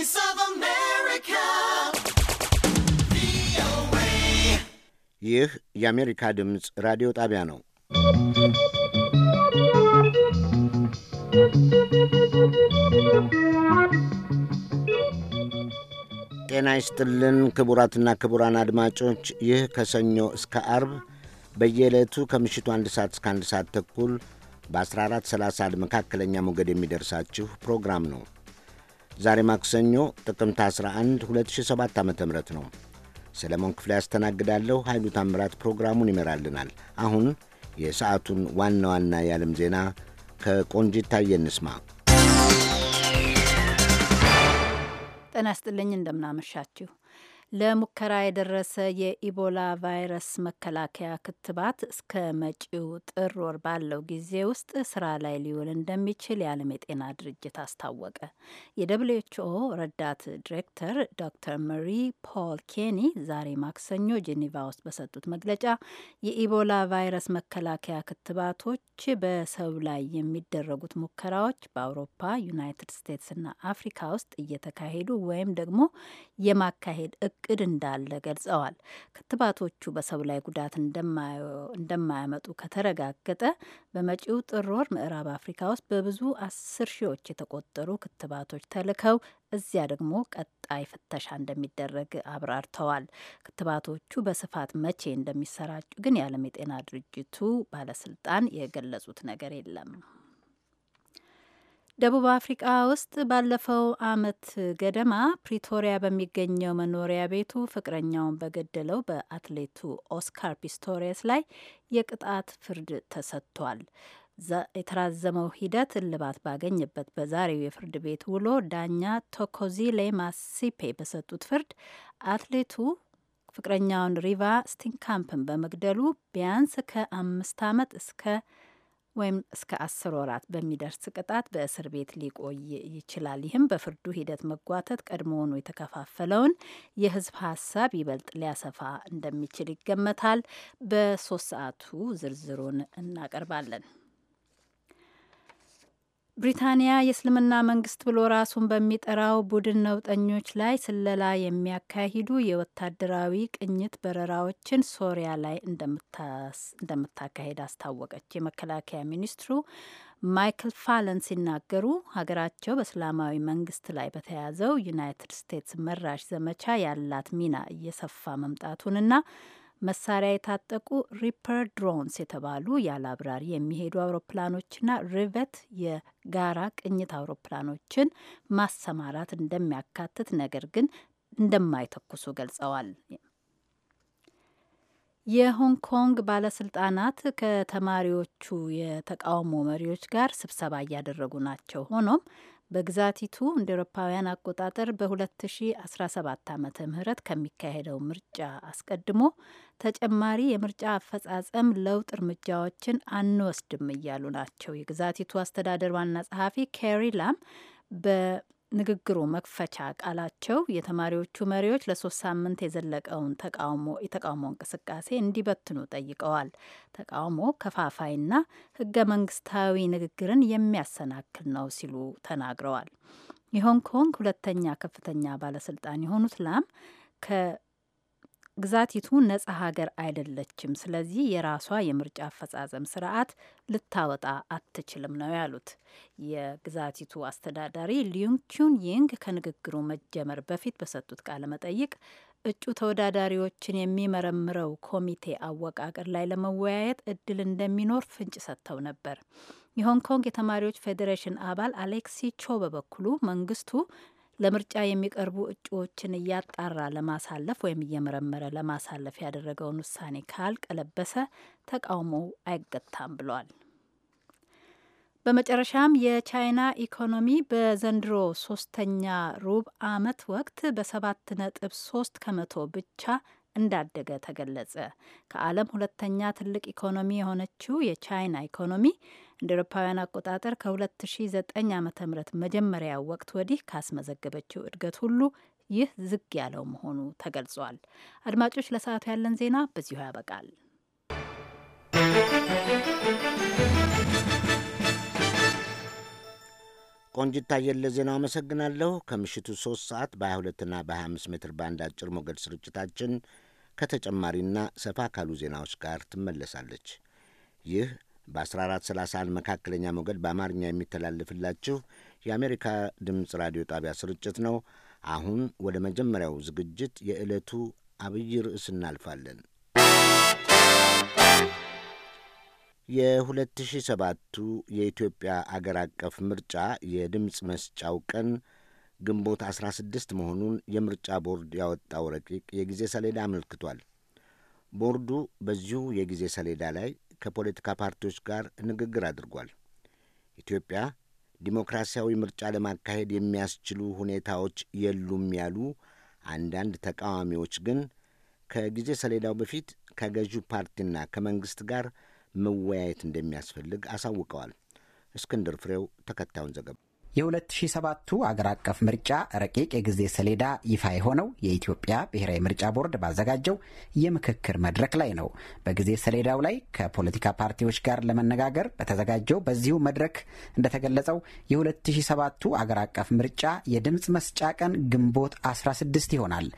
Voice of America. ይህ የአሜሪካ ድምፅ ራዲዮ ጣቢያ ነው። ጤና ይስጥልን ክቡራትና ክቡራን አድማጮች ይህ ከሰኞ እስከ አርብ በየዕለቱ ከምሽቱ አንድ ሰዓት እስከ አንድ ሰዓት ተኩል በ1430 መካከለኛ ሞገድ የሚደርሳችሁ ፕሮግራም ነው። ዛሬ ማክሰኞ ጥቅምት 11 2007 ዓ ም ነው። ሰለሞን ክፍሌ ያስተናግዳለሁ። ኃይሉ ታምራት ፕሮግራሙን ይመራልናል። አሁን የሰዓቱን ዋና ዋና የዓለም ዜና ከቆንጂት ታየ እንስማ። ጤና ይስጥልኝ እንደምናመሻችሁ ለሙከራ የደረሰ የኢቦላ ቫይረስ መከላከያ ክትባት እስከ መጪው ጥር ወር ባለው ጊዜ ውስጥ ስራ ላይ ሊውል እንደሚችል የዓለም የጤና ድርጅት አስታወቀ። የደብሊው ኤች ኦ ረዳት ዲሬክተር ዶክተር መሪ ፖል ኬኒ ዛሬ ማክሰኞ ጄኔቫ ውስጥ በሰጡት መግለጫ የኢቦላ ቫይረስ መከላከያ ክትባቶች በሰው ላይ የሚደረጉት ሙከራዎች በአውሮፓ፣ ዩናይትድ ና አፍሪካ ውስጥ እየተካሄዱ ወይም ደግሞ የማካሄድ እቅድ እንዳለ ገልጸዋል። ክትባቶቹ በሰው ላይ ጉዳት እንደማያመጡ ከተረጋገጠ በመጪው ጥር ወር ምዕራብ አፍሪካ ውስጥ በብዙ አስር ሺዎች የተቆጠሩ ክትባቶች ተልከው እዚያ ደግሞ ቀጣይ ፍተሻ እንደሚደረግ አብራርተዋል። ክትባቶቹ በስፋት መቼ እንደሚሰራጩ ግን የዓለም የጤና ድርጅቱ ባለስልጣን የገለጹት ነገር የለም። ደቡብ አፍሪቃ ውስጥ ባለፈው ዓመት ገደማ ፕሪቶሪያ በሚገኘው መኖሪያ ቤቱ ፍቅረኛውን በገደለው በአትሌቱ ኦስካር ፒስቶሪየስ ላይ የቅጣት ፍርድ ተሰጥቷል። የተራዘመው ሂደት እልባት ባገኝበት በዛሬው የፍርድ ቤት ውሎ ዳኛ ቶኮዚሌ ማሲፔ በሰጡት ፍርድ አትሌቱ ፍቅረኛውን ሪቫ ስቲንካምፕን በመግደሉ ቢያንስ ከአምስት ዓመት እስከ ወይም እስከ አስር ወራት በሚደርስ ቅጣት በእስር ቤት ሊቆይ ይችላል። ይህም በፍርዱ ሂደት መጓተት ቀድሞውኑ የተከፋፈለውን የህዝብ ሀሳብ ይበልጥ ሊያሰፋ እንደሚችል ይገመታል። በሶስት ሰዓቱ ዝርዝሩን እናቀርባለን። ብሪታንያ የእስልምና መንግስት ብሎ ራሱን በሚጠራው ቡድን ነውጠኞች ላይ ስለላ የሚያካሂዱ የወታደራዊ ቅኝት በረራዎችን ሶሪያ ላይ እንደምታካሄድ አስታወቀች። የመከላከያ ሚኒስትሩ ማይክል ፋለን ሲናገሩ ሀገራቸው በእስላማዊ መንግስት ላይ በተያዘው ዩናይትድ ስቴትስ መራሽ ዘመቻ ያላት ሚና እየሰፋ መምጣቱንና መሳሪያ የታጠቁ ሪፐር ድሮንስ የተባሉ ያለ አብራሪ የሚሄዱ አውሮፕላኖችና ሪቨት የጋራ ቅኝት አውሮፕላኖችን ማሰማራት እንደሚያካትት ነገር ግን እንደማይተኩሱ ገልጸዋል። የሆንግ ኮንግ ባለስልጣናት ከተማሪዎቹ የተቃውሞ መሪዎች ጋር ስብሰባ እያደረጉ ናቸው። ሆኖም በግዛቲቱ እንደ ኤሮፓውያን አቆጣጠር በ2017 ዓ ም ከሚካሄደው ምርጫ አስቀድሞ ተጨማሪ የምርጫ አፈጻጸም ለውጥ እርምጃዎችን አንወስድም እያሉ ናቸው። የግዛቲቱ አስተዳደር ዋና ጸሐፊ ኬሪ ላም ንግግሩ መክፈቻ ቃላቸው የተማሪዎቹ መሪዎች ለሶስት ሳምንት የዘለቀውን ተቃውሞ የተቃውሞ እንቅስቃሴ እንዲበትኑ ጠይቀዋል። ተቃውሞ ከፋፋይና ህገ መንግስታዊ ንግግርን የሚያሰናክል ነው ሲሉ ተናግረዋል። የሆንግ ኮንግ ሁለተኛ ከፍተኛ ባለስልጣን የሆኑት ላም ከ ግዛቲቱ ነጻ ሀገር አይደለችም። ስለዚህ የራሷ የምርጫ አፈጻጸም ስርዓት ልታወጣ አትችልም ነው ያሉት የግዛቲቱ አስተዳዳሪ ሊዩንግ ቹን ይንግ ከንግግሩ መጀመር በፊት በሰጡት ቃለ መጠይቅ እጩ ተወዳዳሪዎችን የሚመረምረው ኮሚቴ አወቃቀር ላይ ለመወያየት እድል እንደሚኖር ፍንጭ ሰጥተው ነበር። የሆንግ ኮንግ የተማሪዎች ፌዴሬሽን አባል አሌክሲ ቾ በበኩሉ መንግስቱ ለምርጫ የሚቀርቡ እጩዎችን እያጣራ ለማሳለፍ ወይም እየመረመረ ለማሳለፍ ያደረገውን ውሳኔ ካልቀለበሰ ተቃውሞው አይገታም ብሏል። በመጨረሻም የቻይና ኢኮኖሚ በዘንድሮ ሶስተኛ ሩብ ዓመት ወቅት በሰባት ነጥብ ሶስት ከመቶ ብቻ እንዳደገ ተገለጸ። ከዓለም ሁለተኛ ትልቅ ኢኮኖሚ የሆነችው የቻይና ኢኮኖሚ እንደ ኤሮፓውያን አቆጣጠር ከ2009 ዓ ም መጀመሪያ ወቅት ወዲህ ካስመዘገበችው እድገት ሁሉ ይህ ዝግ ያለው መሆኑ ተገልጿል። አድማጮች፣ ለሰዓቱ ያለን ዜና በዚሁ ያበቃል። ቆንጅታ የለ ዜናው አመሰግናለሁ። ከምሽቱ 3 ሰዓት በ22ና በ25 ሜትር ባንድ አጭር ሞገድ ስርጭታችን ከተጨማሪና ሰፋ ካሉ ዜናዎች ጋር ትመለሳለች። ይህ በ1431 መካከለኛ ሞገድ በአማርኛ የሚተላለፍላችሁ የአሜሪካ ድምፅ ራዲዮ ጣቢያ ስርጭት ነው። አሁን ወደ መጀመሪያው ዝግጅት የዕለቱ አብይ ርዕስ እናልፋለን። የ2007ቱ የኢትዮጵያ አገር አቀፍ ምርጫ የድምፅ መስጫው ቀን ግንቦት 16 መሆኑን የምርጫ ቦርድ ያወጣው ረቂቅ የጊዜ ሰሌዳ አመልክቷል። ቦርዱ በዚሁ የጊዜ ሰሌዳ ላይ ከፖለቲካ ፓርቲዎች ጋር ንግግር አድርጓል። ኢትዮጵያ ዲሞክራሲያዊ ምርጫ ለማካሄድ የሚያስችሉ ሁኔታዎች የሉም ያሉ አንዳንድ ተቃዋሚዎች ግን ከጊዜ ሰሌዳው በፊት ከገዢው ፓርቲና ከመንግሥት ጋር መወያየት እንደሚያስፈልግ አሳውቀዋል። እስክንድር ፍሬው ተከታዩን ዘገባ የ2007ቱ አገር አቀፍ ምርጫ ረቂቅ የጊዜ ሰሌዳ ይፋ የሆነው የኢትዮጵያ ብሔራዊ ምርጫ ቦርድ ባዘጋጀው የምክክር መድረክ ላይ ነው። በጊዜ ሰሌዳው ላይ ከፖለቲካ ፓርቲዎች ጋር ለመነጋገር በተዘጋጀው በዚሁ መድረክ እንደተገለጸው የ2007ቱ አገር አቀፍ ምርጫ የድምፅ መስጫ ቀን ግንቦት 16 ይሆናል።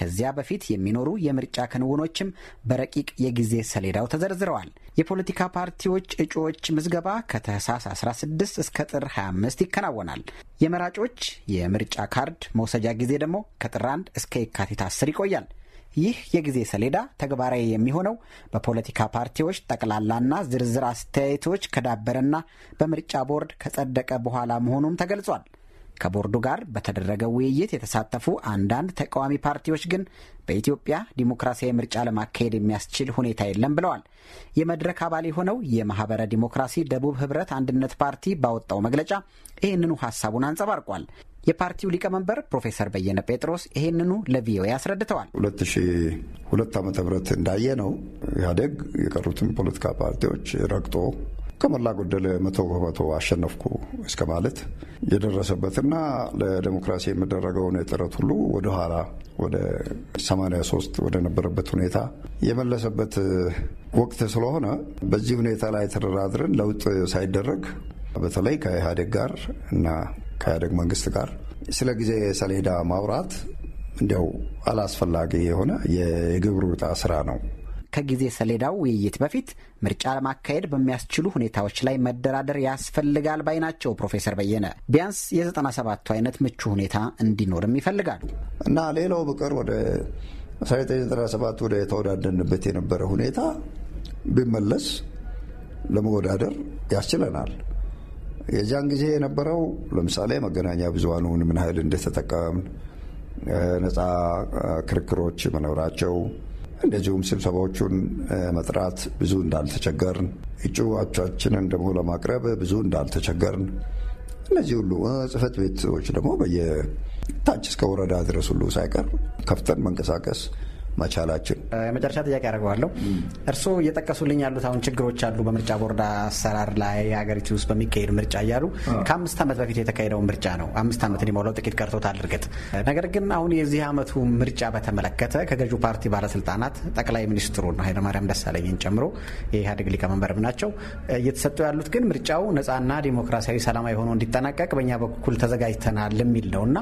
ከዚያ በፊት የሚኖሩ የምርጫ ክንውኖችም በረቂቅ የጊዜ ሰሌዳው ተዘርዝረዋል። የፖለቲካ ፓርቲዎች እጩዎች ምዝገባ ከታህሳስ 16 እስከ ጥር 25 ይከናወናል። የመራጮች የምርጫ ካርድ መውሰጃ ጊዜ ደግሞ ከጥር 1 እስከ የካቲት 10 ይቆያል። ይህ የጊዜ ሰሌዳ ተግባራዊ የሚሆነው በፖለቲካ ፓርቲዎች ጠቅላላና ዝርዝር አስተያየቶች ከዳበረና በምርጫ ቦርድ ከጸደቀ በኋላ መሆኑም ተገልጿል። ከቦርዱ ጋር በተደረገው ውይይት የተሳተፉ አንዳንድ ተቃዋሚ ፓርቲዎች ግን በኢትዮጵያ ዲሞክራሲያዊ ምርጫ ለማካሄድ የሚያስችል ሁኔታ የለም ብለዋል። የመድረክ አባል የሆነው የማህበረ ዲሞክራሲ ደቡብ ህብረት አንድነት ፓርቲ ባወጣው መግለጫ ይህንኑ ሀሳቡን አንጸባርቋል። የፓርቲው ሊቀመንበር ፕሮፌሰር በየነ ጴጥሮስ ይህንኑ ለቪኦኤ አስረድተዋል። ሁለት ሺህ ሁለት እንዳየ ነው ኢህአዴግ የቀሩትን ፖለቲካ ፓርቲዎች ረግጦ ከመላ ጎደል መቶ በመቶ አሸነፍኩ እስከ ማለት የደረሰበትና ለዲሞክራሲ የሚደረገውን የጥረት ሁሉ ወደኋላ ወደ 83 ወደ ነበረበት ሁኔታ የመለሰበት ወቅት ስለሆነ በዚህ ሁኔታ ላይ ተደራድረን ለውጥ ሳይደረግ በተለይ ከኢህአዴግ ጋር እና ከኢህአዴግ መንግስት ጋር ስለ ጊዜ ሰሌዳ ማውራት እንዲያው አላስፈላጊ የሆነ የግብር ውጣ ስራ ነው። ከጊዜ ሰሌዳው ውይይት በፊት ምርጫ ለማካሄድ በሚያስችሉ ሁኔታዎች ላይ መደራደር ያስፈልጋል ባይ ናቸው ፕሮፌሰር በየነ። ቢያንስ የ 97 አይነት ምቹ ሁኔታ እንዲኖርም ይፈልጋሉ እና ሌላው ብቅር ወደ 1997 ወደ የተወዳደንበት የነበረ ሁኔታ ቢመለስ ለመወዳደር ያስችለናል። የዚያን ጊዜ የነበረው ለምሳሌ መገናኛ ብዙሃኑን ምን ያህል እንደተጠቀምን፣ ነፃ ክርክሮች መኖራቸው እንደዚሁም ስብሰባዎቹን መጥራት ብዙ እንዳልተቸገርን፣ እጩዎቻችንን ደግሞ ለማቅረብ ብዙ እንዳልተቸገርን እነዚህ ሁሉ ጽህፈት ቤቶች ደግሞ በየታች እስከ ወረዳ ድረስ ሁሉ ሳይቀር ከፍተን መንቀሳቀስ መቻላችን። የመጨረሻ ጥያቄ ያደርገዋለሁ። እርስዎ እየጠቀሱልኝ ያሉት አሁን ችግሮች አሉ በምርጫ ቦርድ አሰራር ላይ ሀገሪቱ ውስጥ በሚካሄድ ምርጫ እያሉ ከአምስት ዓመት በፊት የተካሄደው ምርጫ ነው። አምስት ዓመት ሊሞላው ጥቂት ቀርቶታል እርግጥ። ነገር ግን አሁን የዚህ ዓመቱ ምርጫ በተመለከተ ከገዢው ፓርቲ ባለስልጣናት ጠቅላይ ሚኒስትሩን ኃይለማርያም ደሳለኝን ጨምሮ የኢህአዴግ ሊቀመንበርም ናቸው እየተሰጡ ያሉት ግን ምርጫው ነጻና ዲሞክራሲያዊ ሰላማዊ ሆኖ እንዲጠናቀቅ በእኛ በኩል ተዘጋጅተናል የሚል ነው እና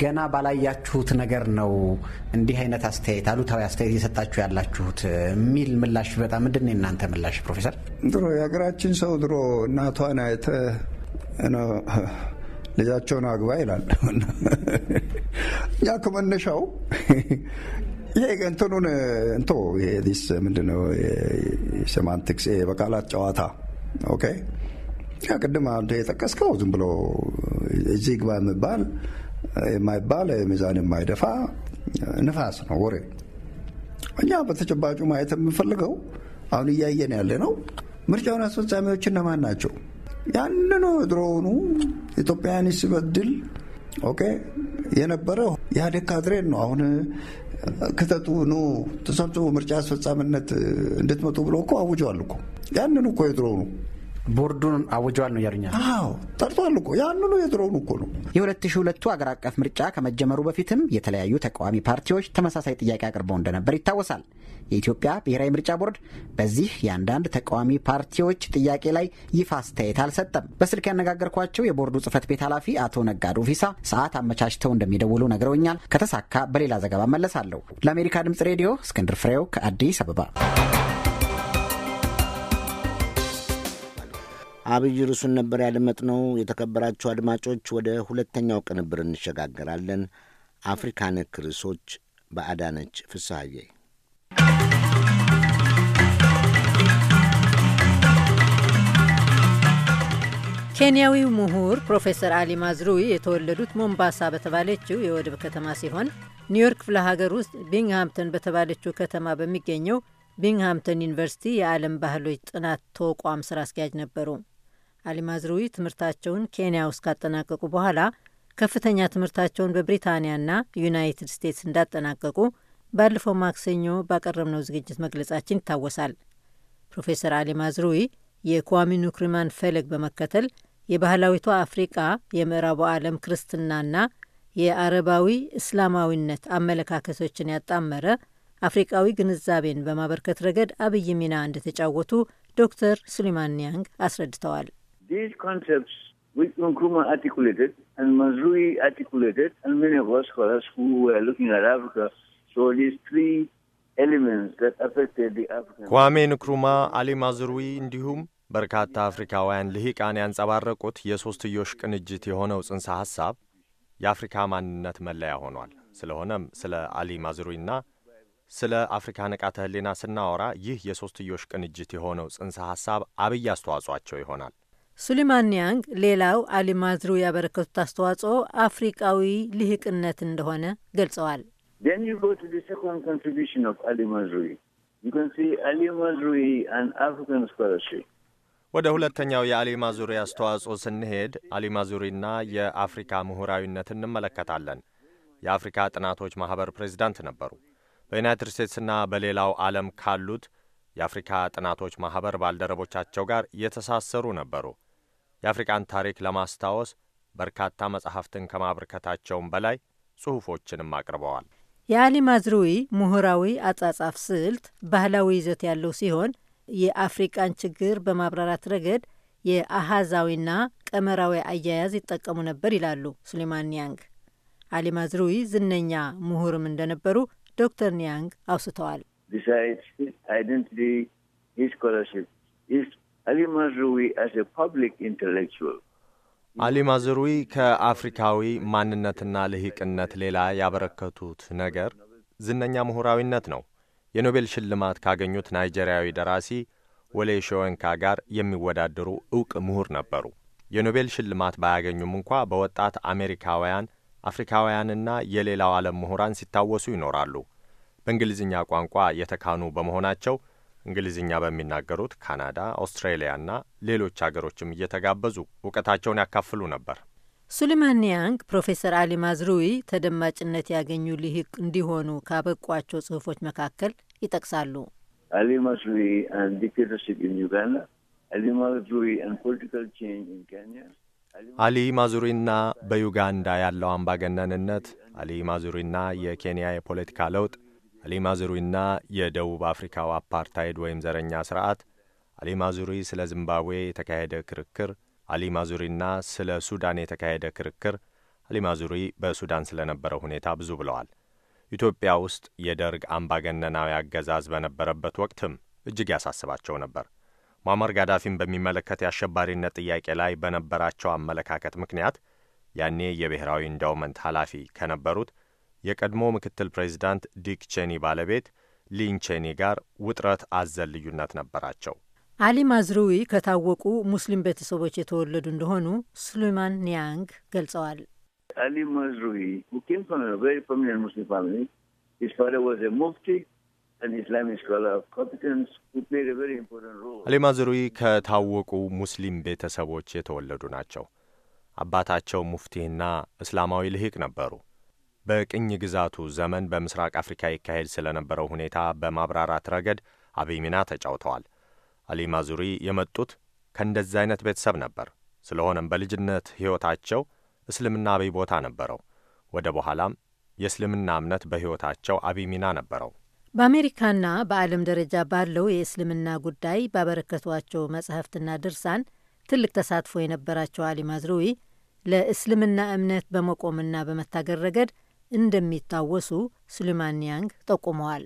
ገና ባላያችሁት ነገር ነው እንዲህ አይነት አስተያየት አሉታዊ አስተያየት እየሰጣችሁ ያላችሁት የሚል ምላሽ በጣም ምንድን ነው የእናንተ ምላሽ ፕሮፌሰር? ድሮ የሀገራችን ሰው ድሮ እናቷን አይተ ልጃቸውን አግባ ይላል። እኛ ከመነሻው ይሄ እንትኑን እንቶ ዲስ ምንድነው ሴማንቲክስ በቃላት ጨዋታ ኦኬ። ያ ቅድም አንተ የጠቀስከው ዝም ብሎ እዚህ ግባ የሚባል የማይባል ሚዛን የማይደፋ ንፋስ ነው ወሬ እኛ በተጨባጩ ማየት የምንፈልገው አሁን እያየን ያለ ነው። ምርጫውን አስፈጻሚዎች እነማን ናቸው? ያንኑ ድሮውኑ ኢትዮጵያን ሲበድል ኦኬ የነበረ ኢህአዴግ ካድሬን ነው። አሁን ክተቱ ኑ ተሰብስቦ ምርጫ አስፈጻሚነት እንድትመጡ ብሎ እኮ አውጀዋል እኮ ያንኑ እኮ የድሮውኑ ቦርዱን አውጇል ነው እያሉኛል። አዎ ጠርቷል እኮ ያንኑ የድሮውን እኮ ነው። የሁለት ሺ ሁለቱ አገር አቀፍ ምርጫ ከመጀመሩ በፊትም የተለያዩ ተቃዋሚ ፓርቲዎች ተመሳሳይ ጥያቄ አቅርበው እንደነበር ይታወሳል። የኢትዮጵያ ብሔራዊ ምርጫ ቦርድ በዚህ የአንዳንድ ተቃዋሚ ፓርቲዎች ጥያቄ ላይ ይፋ አስተያየት አልሰጠም። በስልክ ያነጋገርኳቸው የቦርዱ ጽህፈት ቤት ኃላፊ አቶ ነጋዱ ፊሳ ሰዓት አመቻችተው እንደሚደውሉ ነግረውኛል። ከተሳካ በሌላ ዘገባ መለሳለሁ። ለአሜሪካ ድምጽ ሬዲዮ እስክንድር ፍሬው ከአዲስ አበባ አብይ ርዕሱን ነበር ያደመጥነው። የተከበራችሁ አድማጮች፣ ወደ ሁለተኛው ቅንብር እንሸጋገራለን። አፍሪካ ነክ ርዕሶች በአዳነች ፍስሐዬ። ኬንያዊው ምሁር ፕሮፌሰር አሊ ማዝሩዊ የተወለዱት ሞምባሳ በተባለችው የወደብ ከተማ ሲሆን ኒውዮርክ ክፍለ ሀገር ውስጥ ቢንግሃምተን በተባለችው ከተማ በሚገኘው ቢንግሃምተን ዩኒቨርሲቲ የዓለም ባህሎች ጥናት ተቋም ስራ አስኪያጅ ነበሩ። አሊማዝሩዊ ትምህርታቸውን ኬንያ ውስጥ ካጠናቀቁ በኋላ ከፍተኛ ትምህርታቸውን በብሪታንያና ዩናይትድ ስቴትስ እንዳጠናቀቁ ባለፈው ማክሰኞ ባቀረብነው ዝግጅት መግለጻችን ይታወሳል። ፕሮፌሰር አሊ ማዝሩዊ የኳሚ ኑክሪማን ፈለግ በመከተል የባህላዊቷ አፍሪቃ የምዕራቡ ዓለም ክርስትናና የአረባዊ እስላማዊነት አመለካከቶችን ያጣመረ አፍሪቃዊ ግንዛቤን በማበርከት ረገድ አብይ ሚና እንደተጫወቱ ዶክተር ሱሊማን ኒያንግ አስረድተዋል። These concepts which Nkrumah articulated and Manzui articulated, and many of us scholars who were looking at Africa saw these three elements that affected the African. Kwame Nkrumah, Ali Mazrui እንዲሁም በርካታ አፍሪካውያን ልሂቃን ያንጸባረቁት የሦስትዮሽ ቅንጅት የሆነው ጽንሰ ሐሳብ የአፍሪካ ማንነት መለያ ሆኗል። ስለሆነም ስለ አሊ ማዝሩይና ስለ አፍሪካ ንቃተ ሕሊና ስናወራ ይህ የሦስትዮሽ ቅንጅት የሆነው ጽንሰ ሐሳብ አብይ አስተዋጽኦአቸው ይሆናል። ሱሊማን ኒያንግ ሌላው አሊ ማዝሩ ያበረከቱት አስተዋጽኦ አፍሪቃዊ ልህቅነት እንደሆነ ገልጸዋል። ወደ ሁለተኛው የአሊ ማዙሪ አስተዋጽኦ ስንሄድ አሊ ማዙሪና የአፍሪካ ምሁራዊነት እንመለከታለን። የአፍሪካ ጥናቶች ማኅበር ፕሬዚዳንት ነበሩ። በዩናይትድ ስቴትስና በሌላው ዓለም ካሉት የአፍሪካ ጥናቶች ማኅበር ባልደረቦቻቸው ጋር የተሳሰሩ ነበሩ። የአፍሪቃን ታሪክ ለማስታወስ በርካታ መጽሐፍትን ከማበርከታቸውም በላይ ጽሑፎችንም አቅርበዋል። የአሊ ማዝሩዊ ምሁራዊ አጻጻፍ ስልት ባህላዊ ይዘት ያለው ሲሆን የአፍሪቃን ችግር በማብራራት ረገድ የአሃዛዊና ቀመራዊ አያያዝ ይጠቀሙ ነበር ይላሉ ሱሌማን ኒያንግ። አሊ ማዝሩዊ ዝነኛ ምሁርም እንደነበሩ ዶክተር ኒያንግ አውስተዋል። አሊ ማዝሩዊ አስ ፐብሊክ ኢንተሌክቹዋል አሊ ማዝሩዊ ከአፍሪካዊ ማንነትና ልሂቅነት ሌላ ያበረከቱት ነገር ዝነኛ ምሁራዊነት ነው። የኖቤል ሽልማት ካገኙት ናይጄሪያዊ ደራሲ ወሌ ሾወንካ ጋር የሚወዳደሩ እውቅ ምሁር ነበሩ። የኖቤል ሽልማት ባያገኙም እንኳ በወጣት አሜሪካውያን አፍሪካውያንና የሌላው ዓለም ምሁራን ሲታወሱ ይኖራሉ። በእንግሊዝኛ ቋንቋ የተካኑ በመሆናቸው እንግሊዝኛ በሚናገሩት ካናዳ፣ አውስትራሊያና ሌሎች አገሮችም እየተጋበዙ እውቀታቸውን ያካፍሉ ነበር። ሱሊማን ያንግ ፕሮፌሰር አሊ ማዝሩዊ ተደማጭነት ያገኙ ሊሂቅ እንዲሆኑ ካበቋቸው ጽሑፎች መካከል ይጠቅሳሉ። አሊ ማዝሩዊ ዲክቴተርሺፕ ኢን ዩጋንዳ፣ አሊ ማዝሩዊ ፖለቲካል ቼንጅ ኢን ኬንያ አሊ ማዙሪና በዩጋንዳ ያለው አምባገነንነት፣ አሊ ማዙሪና የኬንያ የፖለቲካ ለውጥ፣ አሊማዙሪና የደቡብ አፍሪካው አፓርታይድ ወይም ዘረኛ ስርዓት፣ አሊማዙሪ ስለ ዚምባብዌ የተካሄደ ክርክር፣ አሊማዙሪና ስለ ሱዳን የተካሄደ ክርክር፣ አሊማዙሪ በሱዳን ስለነበረው ሁኔታ ብዙ ብለዋል። ኢትዮጵያ ውስጥ የደርግ አምባገነናዊ አገዛዝ በነበረበት ወቅትም እጅግ ያሳስባቸው ነበር። ሟመር ጋዳፊን በሚመለከት የአሸባሪነት ጥያቄ ላይ በነበራቸው አመለካከት ምክንያት ያኔ የብሔራዊ ኢንዳውመንት ኃላፊ ከነበሩት የቀድሞ ምክትል ፕሬዚዳንት ዲክ ቼኒ ባለቤት ሊን ቼኒ ጋር ውጥረት አዘል ልዩነት ነበራቸው። አሊ ማዝሩዊ ከታወቁ ሙስሊም ቤተሰቦች የተወለዱ እንደሆኑ ሱሌማን ኒያንግ ገልጸዋል። አሊ ማዝሩዊ አሊ ማዝሩዊ ከታወቁ ሙስሊም ቤተሰቦች የተወለዱ ናቸው። አባታቸው ሙፍቲህና እስላማዊ ልሂቅ ነበሩ። በቅኝ ግዛቱ ዘመን በምስራቅ አፍሪካ ይካሄድ ስለነበረው ሁኔታ በማብራራት ረገድ አብይ ሚና ተጫውተዋል። አሊ ማዙሪ የመጡት ከእንደዚህ አይነት ቤተሰብ ነበር። ስለሆነም በልጅነት ሕይወታቸው እስልምና አብይ ቦታ ነበረው። ወደ በኋላም የእስልምና እምነት በሕይወታቸው አብይ ሚና ነበረው። በአሜሪካና በዓለም ደረጃ ባለው የእስልምና ጉዳይ ባበረከቷቸው መጽሕፍትና ድርሳን ትልቅ ተሳትፎ የነበራቸው አሊ ማዝሩዊ ለእስልምና እምነት በመቆምና በመታገር ረገድ እንደሚታወሱ ስሉማን ያንግ ጠቁመዋል።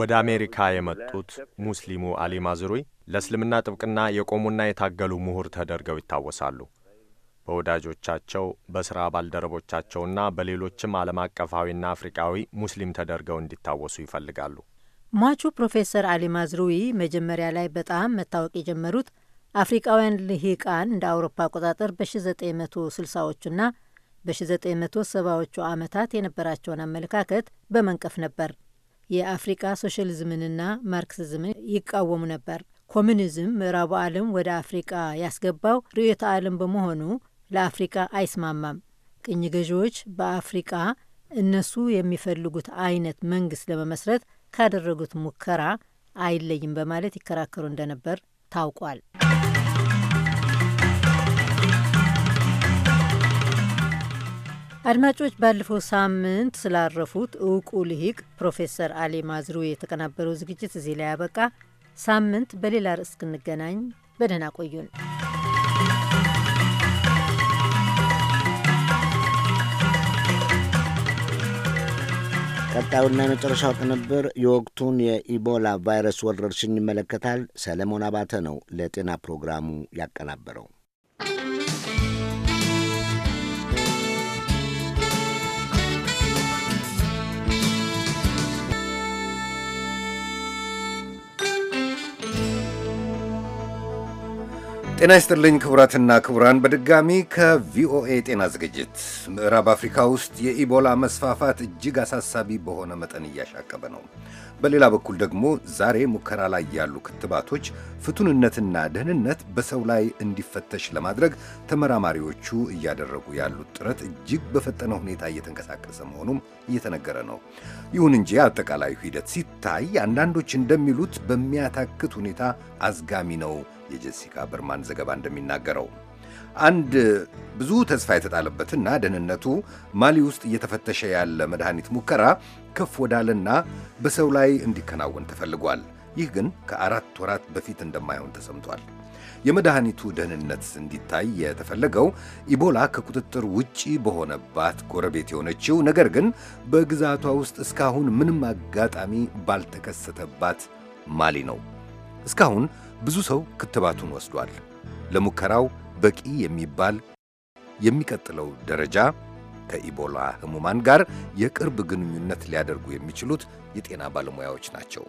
ወደ አሜሪካ የመጡት ሙስሊሙ አሊ ማዝሩይ ለእስልምና ጥብቅና የቆሙና የታገሉ ምሁር ተደርገው ይታወሳሉ። በወዳጆቻቸው በሥራ ባልደረቦቻቸውና በሌሎችም ዓለም አቀፋዊና አፍሪቃዊ ሙስሊም ተደርገው እንዲታወሱ ይፈልጋሉ። ሟቹ ፕሮፌሰር አሊ ማዝሩዊ መጀመሪያ ላይ በጣም መታወቅ የጀመሩት አፍሪቃውያን ልሂቃን እንደ አውሮፓ አቆጣጠር በ1960ዎቹና በ1970ዎቹ ዓመታት የነበራቸውን አመለካከት በመንቀፍ ነበር። የአፍሪቃ ሶሻሊዝምንና ማርክሲዝምን ይቃወሙ ነበር። ኮሚኒዝም ምዕራቡ ዓለም ወደ አፍሪቃ ያስገባው ርዕዮተ ዓለም በመሆኑ ለአፍሪቃ አይስማማም። ቅኝ ገዢዎች በአፍሪቃ እነሱ የሚፈልጉት አይነት መንግስት ለመመስረት ካደረጉት ሙከራ አይለይም በማለት ይከራከሩ እንደነበር ታውቋል። አድማጮች፣ ባለፈው ሳምንት ስላረፉት እውቁ ልሂቅ ፕሮፌሰር አሊ ማዝሩዊ የተቀናበረው ዝግጅት እዚህ ላይ ያበቃ። ሳምንት በሌላ ርዕስ እስክንገናኝ በደህና ቆዩን። ቀጣዩና የመጨረሻው ቅንብር የወቅቱን የኢቦላ ቫይረስ ወረርሽኝ ይመለከታል። ሰለሞን አባተ ነው ለጤና ፕሮግራሙ ያቀናበረው። ጤና ይስጥልኝ ክቡራትና ክቡራን፣ በድጋሚ ከቪኦኤ ጤና ዝግጅት። ምዕራብ አፍሪካ ውስጥ የኢቦላ መስፋፋት እጅግ አሳሳቢ በሆነ መጠን እያሻቀበ ነው። በሌላ በኩል ደግሞ ዛሬ ሙከራ ላይ ያሉ ክትባቶች ፍቱንነትና ደህንነት በሰው ላይ እንዲፈተሽ ለማድረግ ተመራማሪዎቹ እያደረጉ ያሉት ጥረት እጅግ በፈጠነ ሁኔታ እየተንቀሳቀሰ መሆኑም እየተነገረ ነው። ይሁን እንጂ አጠቃላዩ ሂደት ሲታይ አንዳንዶች እንደሚሉት በሚያታክት ሁኔታ አዝጋሚ ነው የጀሲካ በርማን ዘገባ እንደሚናገረው አንድ ብዙ ተስፋ የተጣለበትና ደህንነቱ ማሊ ውስጥ እየተፈተሸ ያለ መድኃኒት ሙከራ ከፍ ወዳለና በሰው ላይ እንዲከናወን ተፈልጓል። ይህ ግን ከአራት ወራት በፊት እንደማይሆን ተሰምቷል። የመድኃኒቱ ደህንነት እንዲታይ የተፈለገው ኢቦላ ከቁጥጥር ውጪ በሆነባት ጎረቤት የሆነችው ነገር ግን በግዛቷ ውስጥ እስካሁን ምንም አጋጣሚ ባልተከሰተባት ማሊ ነው። እስካሁን ብዙ ሰው ክትባቱን ወስዷል። ለሙከራው በቂ የሚባል የሚቀጥለው ደረጃ ከኢቦላ ህሙማን ጋር የቅርብ ግንኙነት ሊያደርጉ የሚችሉት የጤና ባለሙያዎች ናቸው።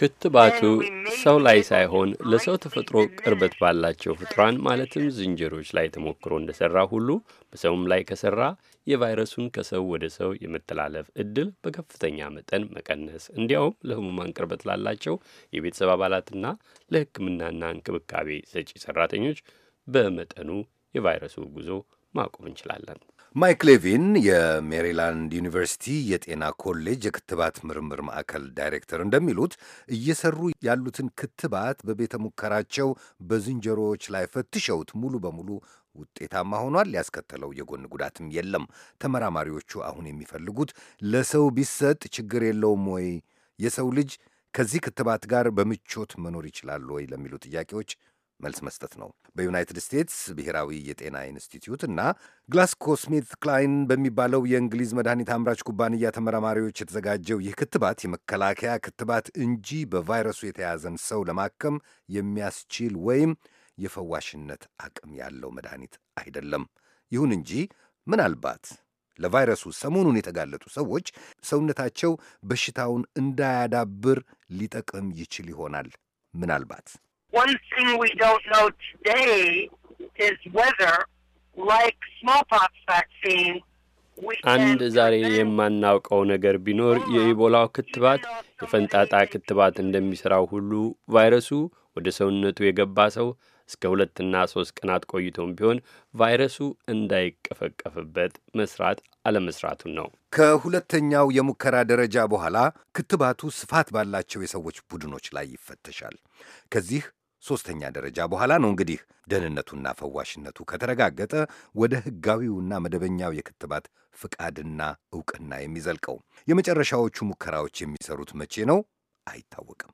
ክትባቱ ሰው ላይ ሳይሆን ለሰው ተፈጥሮ ቅርበት ባላቸው ፍጥሯን ማለትም ዝንጀሮች ላይ ተሞክሮ እንደሠራ ሁሉ በሰውም ላይ ከሰራ የቫይረሱን ከሰው ወደ ሰው የመተላለፍ እድል በከፍተኛ መጠን መቀነስ እንዲያውም ለህሙማን ቅርበት ላላቸው የቤተሰብ አባላትና ለሕክምናና እንክብካቤ ሰጪ ሰራተኞች በመጠኑ የቫይረሱ ጉዞ ማቆም እንችላለን። ማይክ ሌቪን የሜሪላንድ ዩኒቨርሲቲ የጤና ኮሌጅ የክትባት ምርምር ማዕከል ዳይሬክተር እንደሚሉት እየሰሩ ያሉትን ክትባት በቤተ ሙከራቸው በዝንጀሮዎች ላይ ፈትሸውት ሙሉ በሙሉ ውጤታማ ሆኗል። ያስከተለው የጎን ጉዳትም የለም። ተመራማሪዎቹ አሁን የሚፈልጉት ለሰው ቢሰጥ ችግር የለውም ወይ፣ የሰው ልጅ ከዚህ ክትባት ጋር በምቾት መኖር ይችላል ወይ ለሚሉ ጥያቄዎች መልስ መስጠት ነው። በዩናይትድ ስቴትስ ብሔራዊ የጤና ኢንስቲትዩት እና ግላስኮ ስሚት ክላይን በሚባለው የእንግሊዝ መድኃኒት አምራች ኩባንያ ተመራማሪዎች የተዘጋጀው ይህ ክትባት የመከላከያ ክትባት እንጂ በቫይረሱ የተያዘን ሰው ለማከም የሚያስችል ወይም የፈዋሽነት አቅም ያለው መድኃኒት አይደለም። ይሁን እንጂ ምናልባት ለቫይረሱ ሰሞኑን የተጋለጡ ሰዎች ሰውነታቸው በሽታውን እንዳያዳብር ሊጠቅም ይችል ይሆናል። ምናልባት አንድ ዛሬ የማናውቀው ነገር ቢኖር የኢቦላው ክትባት የፈንጣጣ ክትባት እንደሚሠራው ሁሉ ቫይረሱ ወደ ሰውነቱ የገባ ሰው እስከ ሁለትና ሶስት ቀናት ቆይቶም ቢሆን ቫይረሱ እንዳይቀፈቀፍበት መስራት አለመስራቱን ነው። ከሁለተኛው የሙከራ ደረጃ በኋላ ክትባቱ ስፋት ባላቸው የሰዎች ቡድኖች ላይ ይፈተሻል። ከዚህ ሦስተኛ ደረጃ በኋላ ነው እንግዲህ ደህንነቱና ፈዋሽነቱ ከተረጋገጠ ወደ ሕጋዊውና መደበኛው የክትባት ፍቃድና ዕውቅና የሚዘልቀው። የመጨረሻዎቹ ሙከራዎች የሚሰሩት መቼ ነው አይታወቅም።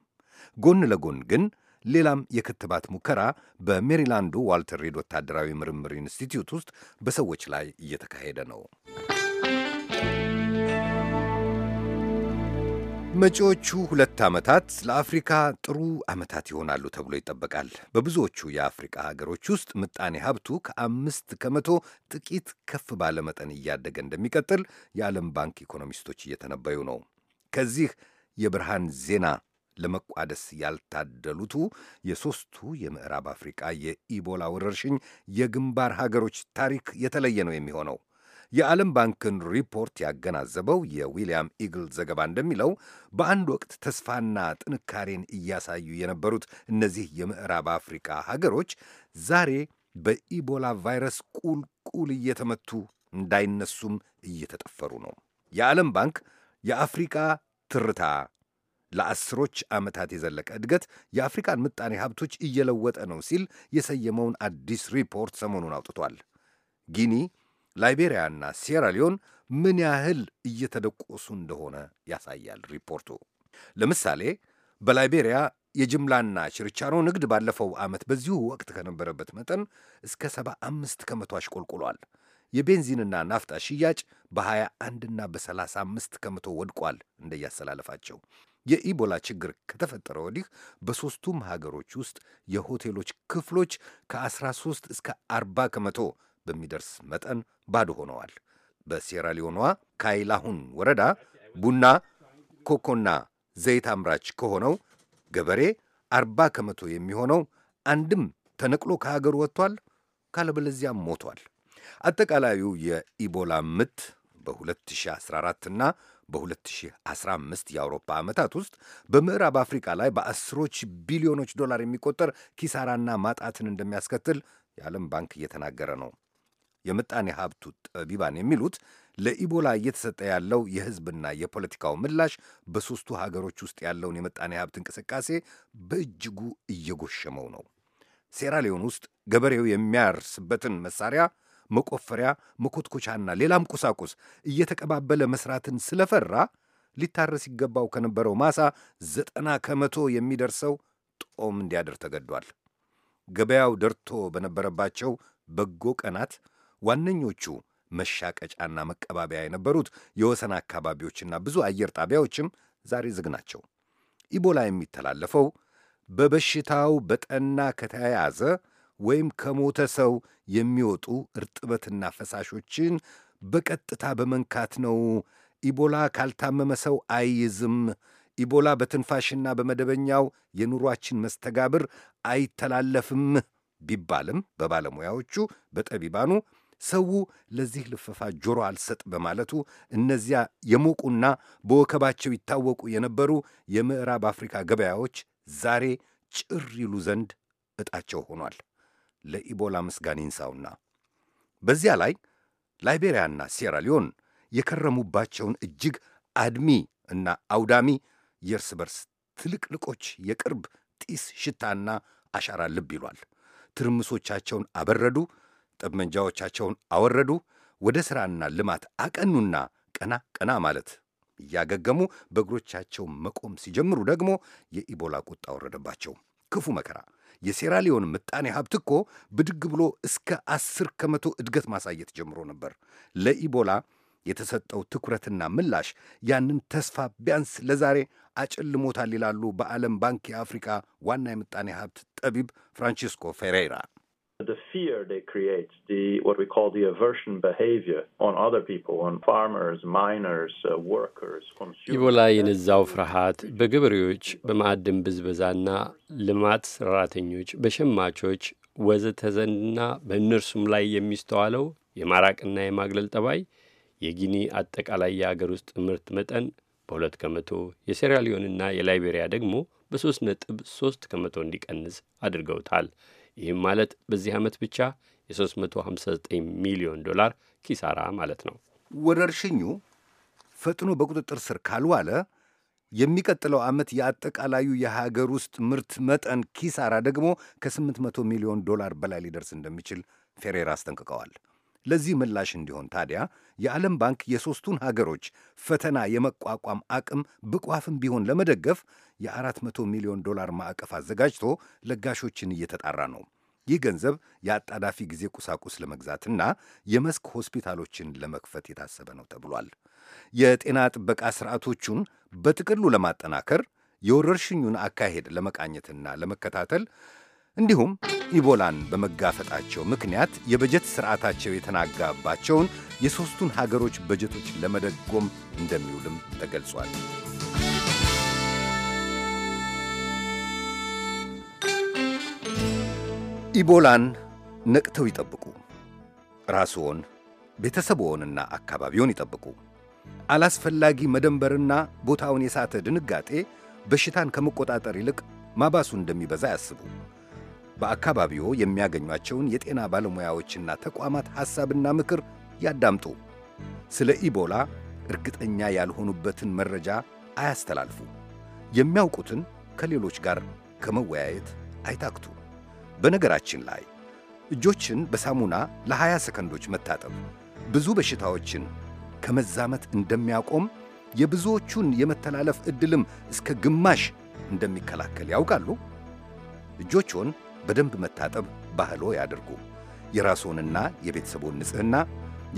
ጎን ለጎን ግን ሌላም የክትባት ሙከራ በሜሪላንዱ ዋልተር ሪድ ወታደራዊ ምርምር ኢንስቲትዩት ውስጥ በሰዎች ላይ እየተካሄደ ነው። መጪዎቹ ሁለት ዓመታት ለአፍሪካ ጥሩ ዓመታት ይሆናሉ ተብሎ ይጠበቃል። በብዙዎቹ የአፍሪካ ሀገሮች ውስጥ ምጣኔ ሀብቱ ከአምስት ከመቶ ጥቂት ከፍ ባለ መጠን እያደገ እንደሚቀጥል የዓለም ባንክ ኢኮኖሚስቶች እየተነበዩ ነው። ከዚህ የብርሃን ዜና ለመቋደስ ያልታደሉቱ የሦስቱ የምዕራብ አፍሪቃ የኢቦላ ወረርሽኝ የግንባር ሀገሮች ታሪክ የተለየ ነው የሚሆነው። የዓለም ባንክን ሪፖርት ያገናዘበው የዊልያም ኢግል ዘገባ እንደሚለው በአንድ ወቅት ተስፋና ጥንካሬን እያሳዩ የነበሩት እነዚህ የምዕራብ አፍሪካ ሀገሮች ዛሬ በኢቦላ ቫይረስ ቁልቁል እየተመቱ እንዳይነሱም እየተጠፈሩ ነው። የዓለም ባንክ የአፍሪካ ትርታ ለአስሮች ዓመታት የዘለቀ እድገት የአፍሪካን ምጣኔ ሀብቶች እየለወጠ ነው ሲል የሰየመውን አዲስ ሪፖርት ሰሞኑን አውጥቷል። ጊኒ፣ ላይቤሪያና ሴራሊዮን ምን ያህል እየተደቆሱ እንደሆነ ያሳያል ሪፖርቱ። ለምሳሌ በላይቤሪያ የጅምላና ችርቻሮ ንግድ ባለፈው ዓመት በዚሁ ወቅት ከነበረበት መጠን እስከ 75 ከመቶ አሽቆልቁሏል። የቤንዚንና ናፍጣ ሽያጭ በ21ና በ35 ከመቶ ወድቋል እንደያሰላለፋቸው የኢቦላ ችግር ከተፈጠረ ወዲህ በሦስቱም ሀገሮች ውስጥ የሆቴሎች ክፍሎች ከ13 እስከ 40 ከመቶ በሚደርስ መጠን ባዶ ሆነዋል። በሴራሊዮኗ ካይላሁን ወረዳ ቡና፣ ኮኮና ዘይት አምራች ከሆነው ገበሬ 40 ከመቶ የሚሆነው አንድም ተነቅሎ ከሀገሩ ወጥቷል፣ ካለበለዚያም ሞቷል። አጠቃላዩ የኢቦላ ምት በ2014 እና በ2015 የአውሮፓ ዓመታት ውስጥ በምዕራብ አፍሪካ ላይ በአስሮች ቢሊዮኖች ዶላር የሚቆጠር ኪሳራና ማጣትን እንደሚያስከትል የዓለም ባንክ እየተናገረ ነው። የምጣኔ ሀብቱ ጠቢባን የሚሉት ለኢቦላ እየተሰጠ ያለው የሕዝብና የፖለቲካው ምላሽ በሦስቱ ሀገሮች ውስጥ ያለውን የምጣኔ ሀብት እንቅስቃሴ በእጅጉ እየጎሸመው ነው። ሴራሊዮን ውስጥ ገበሬው የሚያርስበትን መሳሪያ መቆፈሪያ፣ መኮትኮቻና ሌላም ቁሳቁስ እየተቀባበለ መስራትን ስለፈራ ሊታረስ ይገባው ከነበረው ማሳ ዘጠና ከመቶ የሚደርሰው ጦም እንዲያደር ተገዷል። ገበያው ደርቶ በነበረባቸው በጎ ቀናት ዋነኞቹ መሻቀጫና መቀባቢያ የነበሩት የወሰን አካባቢዎችና ብዙ አየር ጣቢያዎችም ዛሬ ዝግ ናቸው። ኢቦላ የሚተላለፈው በበሽታው በጠና ከተያያዘ ወይም ከሞተ ሰው የሚወጡ እርጥበትና ፈሳሾችን በቀጥታ በመንካት ነው። ኢቦላ ካልታመመ ሰው አይይዝም። ኢቦላ በትንፋሽና በመደበኛው የኑሯችን መስተጋብር አይተላለፍም ቢባልም በባለሙያዎቹ በጠቢባኑ ሰው ለዚህ ልፈፋ ጆሮ አልሰጥ በማለቱ እነዚያ የሞቁና በወከባቸው ይታወቁ የነበሩ የምዕራብ አፍሪካ ገበያዎች ዛሬ ጭር ይሉ ዘንድ ዕጣቸው ሆኗል። ለኢቦላ ምስጋን ይንሳውና በዚያ ላይ ላይቤሪያና ሴራሊዮን የከረሙባቸውን እጅግ አድሚ እና አውዳሚ የእርስ በርስ ትልቅልቆች የቅርብ ጢስ ሽታና አሻራ ልብ ይሏል። ትርምሶቻቸውን አበረዱ፣ ጠመንጃዎቻቸውን አወረዱ፣ ወደ ሥራና ልማት አቀኑና ቀና ቀና ማለት እያገገሙ በእግሮቻቸው መቆም ሲጀምሩ ደግሞ የኢቦላ ቁጣ ወረደባቸው። ክፉ መከራ የሴራሊዮን ምጣኔ ሀብት እኮ ብድግ ብሎ እስከ አስር ከመቶ እድገት ማሳየት ጀምሮ ነበር። ለኢቦላ የተሰጠው ትኩረትና ምላሽ ያንን ተስፋ ቢያንስ ለዛሬ አጨልሞታል ይላሉ በዓለም ባንክ የአፍሪካ ዋና የምጣኔ ሀብት ጠቢብ ፍራንቺስኮ ፌሬራ። the fear they create, the what we call the aversion behavior on other people, on farmers, miners, uh, workers, consumers. ኢቦላ የነዛው ፍርሃት በገበሬዎች በማዕድን ብዝበዛና ልማት ሰራተኞች፣ በሸማቾች ወዘተ ዘንድና በእነርሱም ላይ የሚስተዋለው የማራቅና የማግለል ጠባይ የጊኒ አጠቃላይ የአገር ውስጥ ምርት መጠን በሁለት ከመቶ የሴራሊዮንና የላይቤሪያ ደግሞ በሶስት ነጥብ ሶስት ከመቶ እንዲቀንስ አድርገውታል። ይህም ማለት በዚህ ዓመት ብቻ የ359 ሚሊዮን ዶላር ኪሳራ ማለት ነው። ወረርሽኙ ፈጥኖ በቁጥጥር ስር ካልዋለ የሚቀጥለው ዓመት የአጠቃላዩ የሀገር ውስጥ ምርት መጠን ኪሳራ ደግሞ ከ800 ሚሊዮን ዶላር በላይ ሊደርስ እንደሚችል ፌሬራ አስጠንቅቀዋል። ለዚህ ምላሽ እንዲሆን ታዲያ የዓለም ባንክ የሦስቱን ሀገሮች ፈተና የመቋቋም አቅም ብቋፍም ቢሆን ለመደገፍ የ400 ሚሊዮን ዶላር ማዕቀፍ አዘጋጅቶ ለጋሾችን እየተጣራ ነው። ይህ ገንዘብ የአጣዳፊ ጊዜ ቁሳቁስ ለመግዛትና የመስክ ሆስፒታሎችን ለመክፈት የታሰበ ነው ተብሏል። የጤና ጥበቃ ስርዓቶቹን በጥቅሉ ለማጠናከር የወረርሽኙን አካሄድ ለመቃኘትና ለመከታተል እንዲሁም ኢቦላን በመጋፈጣቸው ምክንያት የበጀት ስርዓታቸው የተናጋባቸውን የሦስቱን ሀገሮች በጀቶች ለመደጎም እንደሚውልም ተገልጿል። ኢቦላን ነቅተው ይጠብቁ። ራስዎን፣ ቤተሰብዎንና አካባቢውን ይጠብቁ። አላስፈላጊ መደንበርና ቦታውን የሳተ ድንጋጤ በሽታን ከመቆጣጠር ይልቅ ማባሱ እንደሚበዛ ያስቡ። በአካባቢዎ የሚያገኟቸውን የጤና ባለሙያዎችና ተቋማት ሐሳብና ምክር ያዳምጡ። ስለ ኢቦላ እርግጠኛ ያልሆኑበትን መረጃ አያስተላልፉ። የሚያውቁትን ከሌሎች ጋር ከመወያየት አይታክቱ። በነገራችን ላይ እጆችን በሳሙና ለ20 ሰከንዶች መታጠብ ብዙ በሽታዎችን ከመዛመት እንደሚያቆም የብዙዎቹን የመተላለፍ ዕድልም እስከ ግማሽ እንደሚከላከል ያውቃሉ? እጆችዎን በደንብ መታጠብ ባህሎ ያድርጉ። የራስዎንና የቤተሰቦን ንጽህና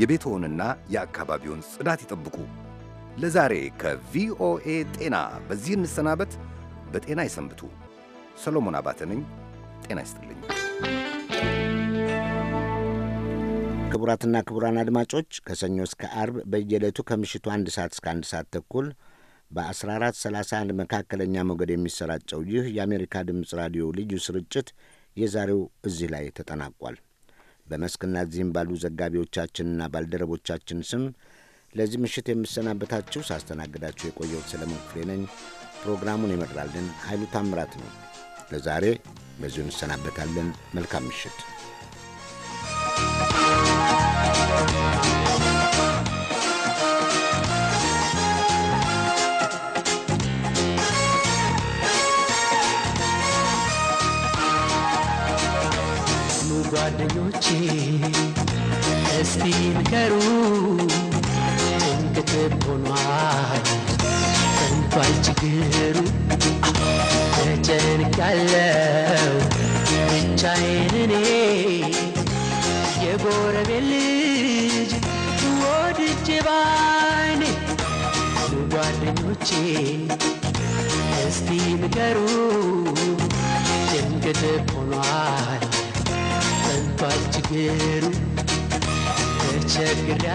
የቤትዎንና የአካባቢውን ጽዳት ይጠብቁ። ለዛሬ ከቪኦኤ ጤና በዚህ እንሰናበት። በጤና ይሰንብቱ። ሰሎሞን አባተ ነኝ። ጤና ይስጥልኝ። ክቡራትና ክቡራን አድማጮች ከሰኞ እስከ አርብ በየዕለቱ ከምሽቱ አንድ ሰዓት እስከ አንድ ሰዓት ተኩል በ1431 መካከለኛ ሞገድ የሚሰራጨው ይህ የአሜሪካ ድምፅ ራዲዮ ልዩ ስርጭት የዛሬው እዚህ ላይ ተጠናቋል። በመስክና እዚህም ባሉ ዘጋቢዎቻችንና ባልደረቦቻችን ስም ለዚህ ምሽት የምሰናበታችሁ ሳስተናግዳችሁ የቆየሁት ሰለሞን ክፍሌ ነኝ። ፕሮግራሙን የመራልን ኃይሉ ታምራት ነው። ለዛሬ በዚሁ እንሰናበታለን። መልካም ምሽት።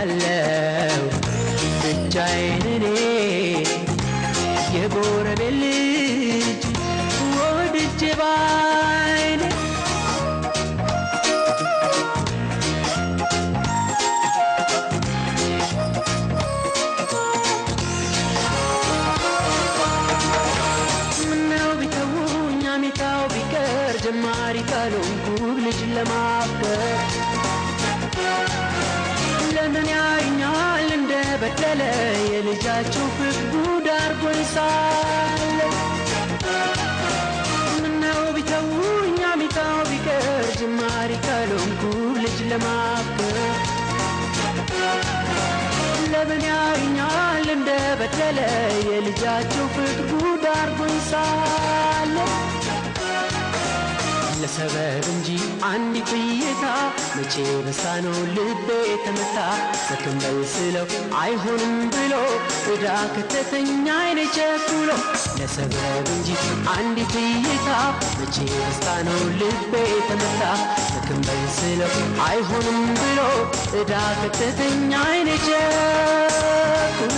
ያለው ብቻዬን እኔ የጎረቤት ልጅ ወድጄ ባ ስለበደለ የልጃችሁ ፍቅር ጉድ አርጎኝ ሳለ ለሰበብ እንጂ አንዲት ብዬታ መቼ በሳ ነው ልቤ ተመታ ዘክንበል ስለው አይሆንም ብሎ እዳ ከተተኛ አይነ ቸኩሎ ለሰበብ እንጂ አንዲት ብዬታ መቼ በሳ ነው ልቤ ተመታ ዘክንበል ስለው አይሆንም ብሎ እዳ ከተተኛ አይነ ቸኩሎ